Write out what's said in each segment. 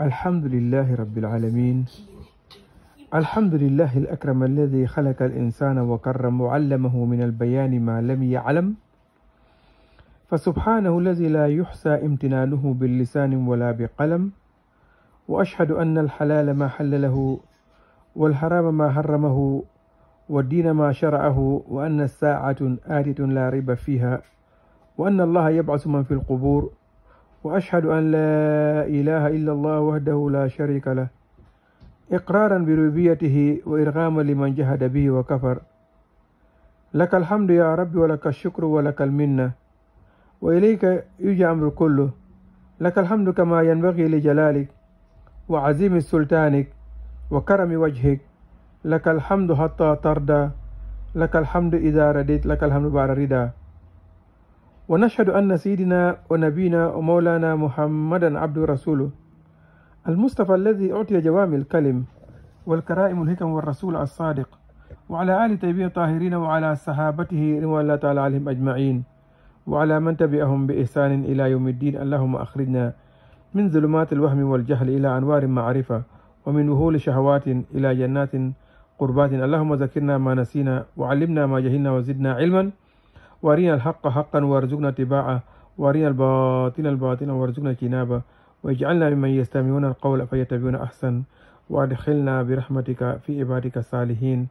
الحمد لله رب العالمين الحمد لله الأكرم الذي خلق الإنسان وكرم وعلمه من البيان ما لم يعلم فسبحانه الذي لا يحصى امتنانه باللسان ولا بقلم وأشهد أن الحلال ما حلله والحرام ما حرمه والدين ما شرعه وأن الساعة آتة لا ريب فيها وأن الله يبعث من في القبور وأشهد أن لا إله إلا الله وحده لا شريك له إقرارا بربوبيته وإرغاما لمن جهد به وكفر لك الحمد يا رب ولك الشكر ولك المنة وإليك يجى أمر كله لك الحمد كما ينبغي لجلالك وعزيم سلطانك وكرم وجهك لك الحمد حتى ترضى لك الحمد إذا رديت لك الحمد بعد رضا ونشهد أن سيدنا ونبينا ومولانا محمدا عبد رسوله المصطفى الذي أعطي جوامع الكلم والكرائم الهكم والرسول الصادق وعلى آل طيبين الطاهرين وعلى صحابته رضوان الله تعالى عليهم أجمعين وعلى من تبعهم بإحسان إلى يوم الدين اللهم أخرجنا من ظلمات الوهم والجهل إلى أنوار المعرفة ومن وهول شهوات إلى جنات قربات اللهم ذكرنا ما نسينا وعلمنا ما جهلنا وزدنا علما وارنا الحق حقا وارزقنا اتباعه وارنا الباطل الباطل وارزقنا اجتنابه واجعلنا ممن يستمعون القول فيتبعون احسن وادخلنا برحمتك في عبادك الصالحين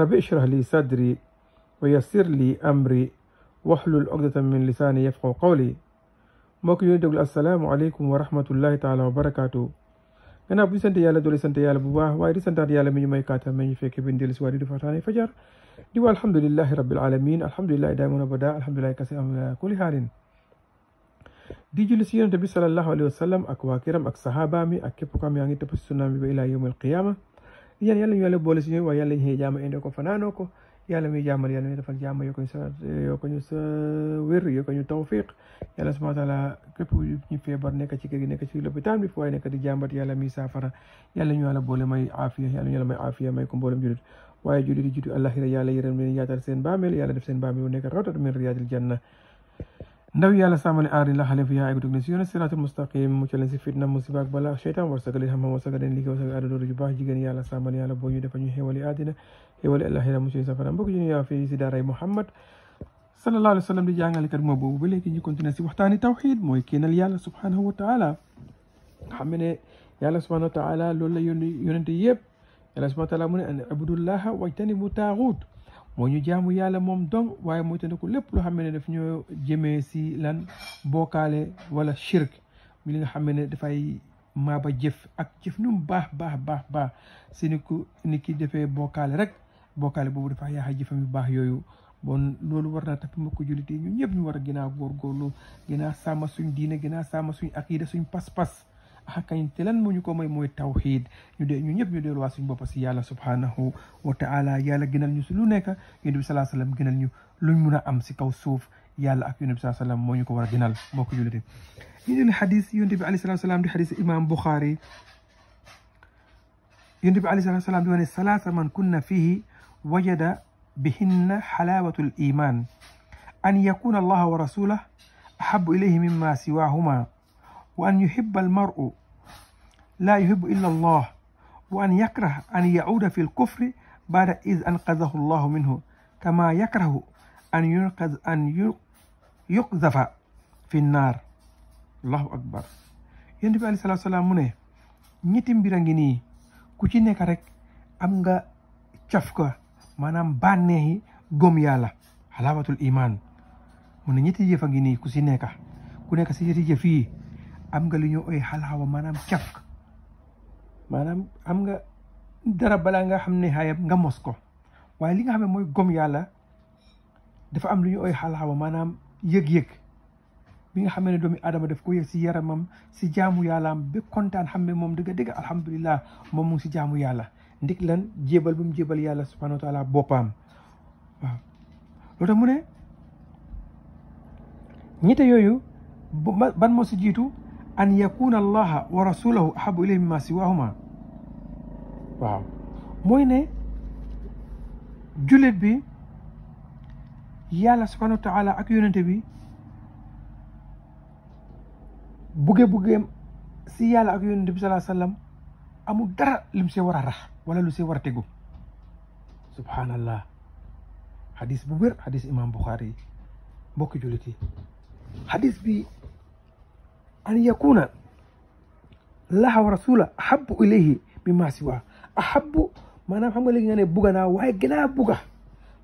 رب اشرح لي صدري ويسر لي امري واحلل عقدة من لساني يفقه قولي موكي yu السلام عليكم ورحمة الله تعالى وبركاته. gannaaw bu ñu sant yàlla doole sant yàlla bu baax waaye di santaat yàlla mi ñu may kàttan ma ñu fekke benn dellu si waa di def waxtaane fajar di waa alhamdulilahi rabbil alamin alhamdulilahi daayiman abada alhamdulilahi kasi am kulli haalin di julli si yonente bi salallahu alayhi wa sallam ak waa kiram ak sahaba mi ak képp ko am yaa ngi topp si sunna mi ba ilaa yawm alqiyama yaan yàlla ñu yàlla boole si ñoom waaye yàlla ñu xëy jaama inde ko fanaanoo ko yàlla muy jàmmal yàlla muy defal jàmm yoo ko ñu sa yoo ko ñu sa wér yoo ko ñu tawfiq yàlla subhanahu wa taala képp ñu feebar nekk ci kër gi nekk ci bi fu waay nekk di jàmbat yàlla muy saafara yàlla ñu yàlla boole may aafiya yàlla ñu may aafiya may waaye julit yi jiitu àllaxira yàlla yërëm leen yaatal seen baameel yàlla def min riyaadil janna ndaw yàlla sàmmali aari la xale fi yaa egutuk ne si yoon siraatul mustaqim mucc leen si fitna musiba ak bala cheytaan war sagal xam-xam war sagal leen liggéey war sagal aada doodu ju baax jigéen yàlla sàmmali yàlla boo ñu dafa ñu xewali àddina xewali alaxira mucc leen safara mbokk ñu yaa fii si daaray Muhammad sallallahu alayhi wa sallam di jàngalekat moo boobu ba léegi ñu continuer si waxtaani tawxid mooy kéenal yàlla subhanahu wa taala nga xam ne yàlla subhanahu wa taala loolu la yónni yónente yëpp yàlla subhanahu wa taala mu ne an abudullaha wajtanibu taaxuut moo ñu jaamu yàlla moom dong waaye mooy ko lépp loo xam ne daf ñoo jëmee si lan bokkaale wala shirk mi li nga xam ne dafay maaba jëf ak jëf nu mu baax baax baax baax si ni ku ni ki defee bokkaale rek bokkaale boobu dafa yaaxa jëfam yu baax yooyu bon loolu war naa tax fi ma ko jullit yi ñun ñëpp ñu war a gën a góorgóorlu gën a sàmm suñ diine gën a sàmm suñ akida suñ pas-pas xakkañ te lan moo ñu ko may mooy tawxiid ñu de ñu ñëpp ñu delluwaa suñu boppa si yàlla subhanahu wa taala yàlla gënal ñu si lu nekk yonent bi salaa sallam gënal ñu luñ mun a am si kaw suuf yàlla ak yonent bi salaa sallam moo ñu ko war a gënal moo ko julite ñu leen xadis yonent bi alayhi salaatu salaam di xadis imam buxaari yonent bi alayhi salaatu salaam di wane salaasa man kunna fihi wajada bihinna xalaawatul iman an yakuna allaha wa rasulah ahabu ilayhi mimma siwahuma وأن يحب المرء لا يحب إلا الله وأن يكره أن يعود في الكفر بعد إذ أنقذه الله منه كما يكره أن ينقذ أن يقذف في النار الله أكبر ينبي عليه الصلاة والسلام من نتم بيرانغيني كوتي نيك ريك امغا تشافكا مانام بانيه غوم يالا حلاوه الايمان من نيتي جيفا غيني كوسي نيكا كو نيكا سي am nga li ñu oy xalaawa manam tiak manam am nga dara bala nga xam hayam nga mos ko li nga xam moy gom yalla dafa am lu ñu oy xalaawa manam yeg yeg bi nga xam ne adama daf ko yeg si yaramam ci jaamu yalla ba kontaan xam ne deug alhamdulillah moom mu ci si jaamu yalla ndik lan jebal bu mu jebal yalla subhanahu wa taala bopam waaw mu ban mo si jitu أن يكون الله ورسوله أحب إليه مما سواهما واو موينة جلد بي يا الله سبحانه وتعالى أكيون أنت بي بوغي بوغي سي يا الله أكيون النبي صلى الله عليه وسلم أمو درا لمسي ورا رح ولا لمسي ورا تيغو سبحان الله حديث بوغر حديث إمام بخاري بوكي جلدي حديث بي أن يكون الله ورسوله أحب إليه مما سواه أحب manam xam nga léegi nga ne bugga mana waaye gën a bugga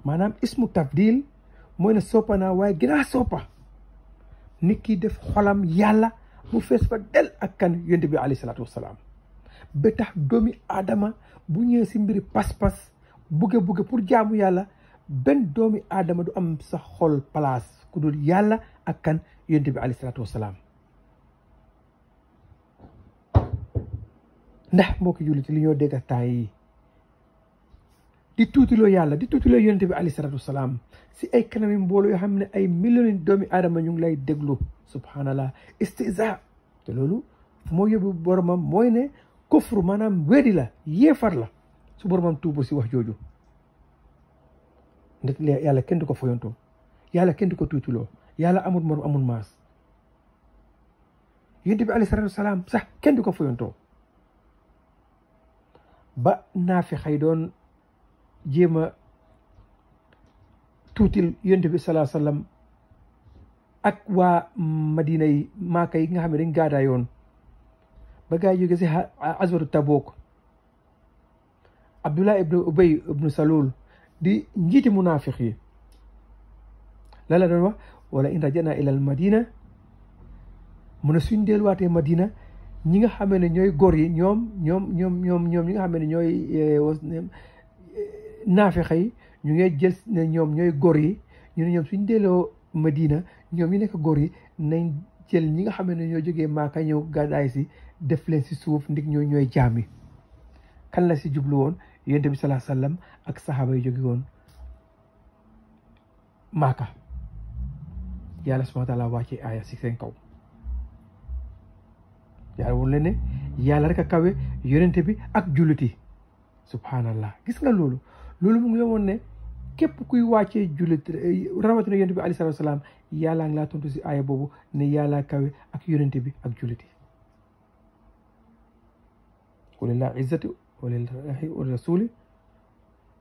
maanaam ismu tabdil mooy ne soppa naa waaye gën a soppa nit ki def xolam yàlla mu fees fa del ak kan yonte bi adamah, salaatu wasalaam ba tax doomi aadama bu ñëwee si pas-pas bugge bugge pour jaamu yàlla benn doomi aadama du am sa xol place ku dul yàlla ak kan ndax mbokki julit li ñoo dégg tay di tuutiloo yàlla di tuutiloo yonente bi alayhi salatu wasalaam si ay kanami mbooloo yoo xam ne ay millioni doomi aadama ñu ngi lay déglu subhanallah istiza te loolu moo yóbbu boromam mooy ne kofru maanaam wedi la yeefar la su boromam tuubu si wax jooju ndet yàlla kenn du ko foyonto yàlla kenn du ko tuutiloo yàlla amul morom amul maas yonente bi alayhi salatu wasalaam sax kenn du ko foyonto ba naafixa yi doon jéem a tuutil yonent bi salaa sallam ak waa madina yi maaka yi nga xam ne dañ gaadaa yoon ba gaa yi jóge si azwatu tabook abdullah ibnu ubay ibnu salul di njiiti munaafiq yi la doon wax wala in rajana ila madina mu ne suñ delluwaatee madina ñi nga xamee ne ñooy góor yi ñoom ñoom ñoom ñoom ñoom ñi nga xamee ne ñooy eh, eh, naafexa yi ñu ngay jël ne ñoom ñooy góor yi ñu ne ñoom suñ delloo Madina ñoom ñu nekk góor yi nañ jël ñi nga xam ne ñoo jógee Maaka ñëw gàddaay si def leen si suuf ndig ñoo ñooy jaam yi kan la si jublu woon yonent bi salaa ak saxaaba yi jóge woon Maaka yàlla subhaana taala wàcce aaya si kaw jaarawul la yàlla rek a kawe yonente bi ak julliti subhanallah gis nga loolu loolu mu ngi woon ne képp kuy wàccee jullit rawatina yonente bi aleyhi salaam yàlla laa tontu si aaya boobu ne yàlla kawe ak yonente bi ak julliti qul lillahi izzati wa lillahi wa rasuli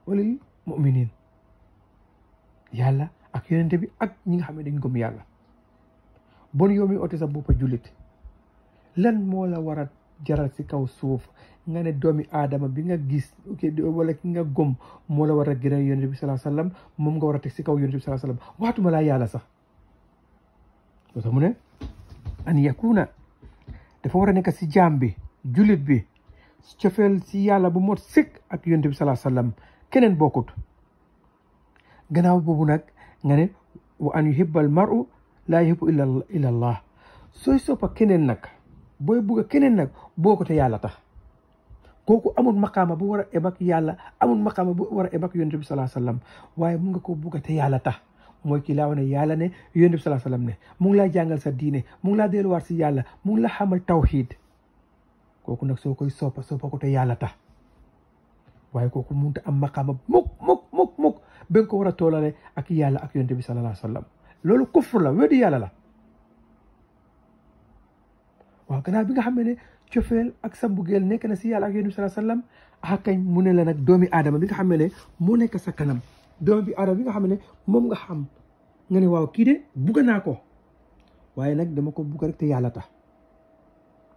wa lil muminin yàlla ak yonente bi ak ñi nga xam ne dañ gëm yàlla bon yow mi oote sa lan mola la war sikau jaral ci kaw suuf nga ne doomi adama bi nga gis do wala ki nga gom mo la wara gëna yoni yonente sallallahu alayhi wasallam mom nga wara tek ci si kaw yonente bi alayhi wasallam waxatuma la yàlla sax do tax mu ne an yakuna dafa war julit bi ci yalla bu mot sik ak bi alayhi wasallam kenen bokut nak nga ne wa an yuhibbal maru la yuhibbu illa allah sooy soppa kenen nak booy bugg keneen nag boo ko te yàlla tax kooku amul maqaama bu war a ebak yàlla amul maqaama bu war a ebak yonent bi salaa sallam waaye mun nga koo bugg te yàlla tax mooy kii laa wane yàlla ne yoon bi salaa sallam ne mu ngi laa jàngal sa diine mu ngi laa delluwaat si yàlla mun ngi la xamal tawxiid kooku nag soo koy soppa soppa ko te yàlla tax waaye kooku munta am maqaama muk muk muk muk ba ko war a toolale ak yàlla ak yonent bi salaa sallam la yàlla la waaw gannaaw bi nga xam ne cofeel ak sa mbugeel nekk na si yàlla ak yéen bi salaa sallam mu ne la doomi aadama bi nga xam moo nekk sa kanam doomi bi aadama bi nga xam ne moom nga xam nga ne waaw kii de bugg naa ko waaye nag dama ko bugg rek yàlla tax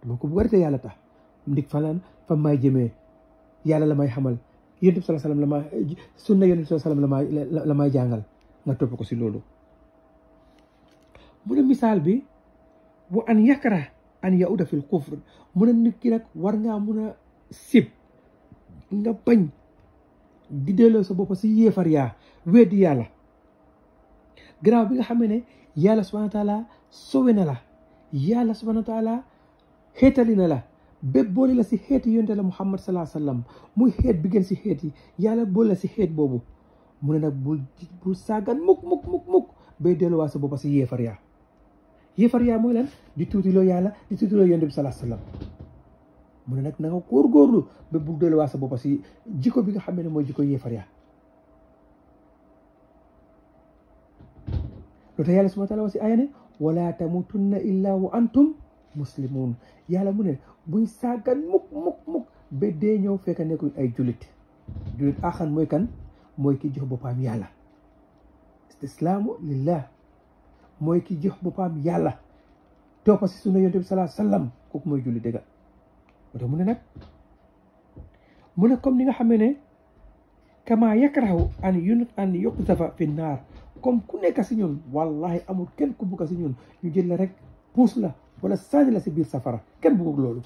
dama ko bugg yàlla tax ndig fanaan fa may jëmee yàlla la may xamal yéen bi salaa la ma sunna yéen bi salaa sallam la la may jàngal nga topp ko si loolu mu ne misaal bi wa an an yauda fil kufr mu ne nit ki nag war ngaa mu a sib nga bañ di delloo sa bopp si yéefar yaa weddi yàlla bi nga xamee ne yàlla subhanahu wa taala sowe na la yàlla subhanahu wa taala xeetali na la bépp boole la si xeeti yonte la muhammad salaa sallam muy xeet bi gën si xeet yi yàlla boole la si xeet boobu mu ne nag bul bul saagan mukk sa bopp si yéefar yaa mooy lan di tuutiloo yàlla di tuutiloo yonent bi salaa sallam mu ne nag na nga góorgóorlu ba bul doole waa sa boppa si jikko bi nga xam ne mooy jikko yéefar yaa lu tax yàlla subhana taala wa si aya ne wala tamutunna illa wa antum muslimun yàlla mu ne buñ sàggan mukk mukk mukk ba dee ñëw fekk nekkuñ ay julit julit axan mooy kan mooy ki jox boppam yàlla istislaamu lillah mooy ki jox boppam yàlla toppa si sunna yonent bi salaa sallam kooku mooy julli dëgga moo tax mu ne nag mu ne comme ni nga xam ne kama yakrahu an yun an yuqzafa fi naar comme ku nekk si ñun wallahi amul kenn ku bugg si ñun ñu jël la rek puus la wala sànni la si biir safara kenn bëggul loolu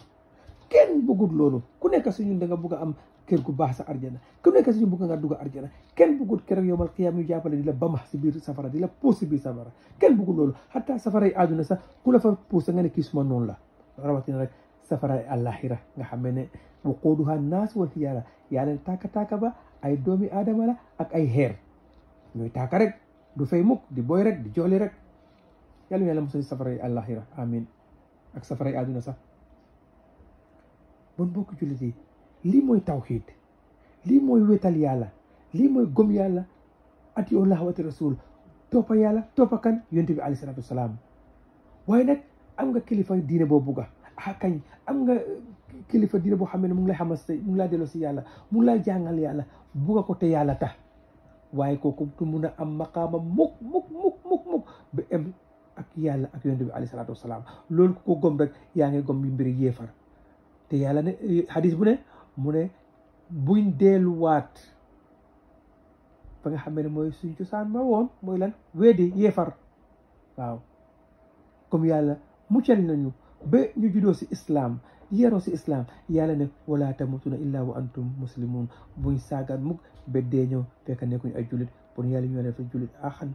kenn bëggul loolu ku nekk si ñun da nga bugg am kër gu baax sa arjana ku nekk suñu bëgg nga dugg arjana kenn bëggul kër yomal xiyaam ñu jàppale di la bamax ci biir safara dila Ken puus si biir safara kenn bëggul loolu xataa safara ay aduna sa ku la fa puus nga ne ki suma non la rawati rek safara yi àllaaxira nga xamé ne an-nas wa ya taka taka ba ay doomi adama la ak ay her ñooy taka rek du fay muk di boy rek di joli rek yàlla yàlla musul safara yi amin ak safara ay aduna sa bon bokk lii mooy tawxiid lii mooy wétal yàlla lii mooy gom yàlla ati allah wati rasul toppa yàlla toppa kan yonent bi alayhi salaatu waaye nag am nga kilifa diine boo bugga ah kañ am nga kilifa diine boo xam ne mu ngi lay xamal si mu ngi laa delloo si yàlla mun ngi jàngal yàlla bugga ko te yàlla tax waaye kooku du mun a am maqaama muk mukk mukk mukk mukk ba em ak yàlla ak yonent bi alayhi salaatu wasalaam loolu ko gom rek yaa ngi gom yi mbiri yéefar te yàlla ne eh, hadis mu ne buñ delluwaat ba nga xam ne mooy suñ cosaan ma woon mooy lan weede yeefar waaw comme yàlla muccal nañu ba ñu juddoo si islaam yaroo si islaam yàlla ne wala tamutuna illa wa antum muslimun buñ saagat mukk ba dee ñëw fekk nekkuñ ay jullit pour yàlla ñu ne dafa jullit axan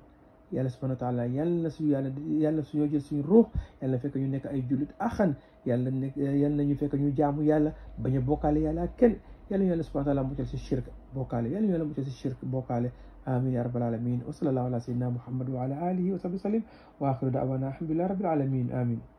yàlla subhanahu wa taala yàlla na suñu yàlla yàlla suñoo jël suñu ruux yàlla na fekk ñu nekk ay julit axan yàlla nekk yàlla ñu fekk ñu jaamu yàlla bañ a bokkaale yàlla ak kenn yàlla yàlla subhanahu wa taala muccal si shirk bokkaale yàlla ñu yàlla muccal si shirk bokkaale آمين يا رب العالمين وصلى الله على سيدنا محمد وعلى آله وصحبه وسلم وآخر دعوانا الحمد لله رب العالمين amin.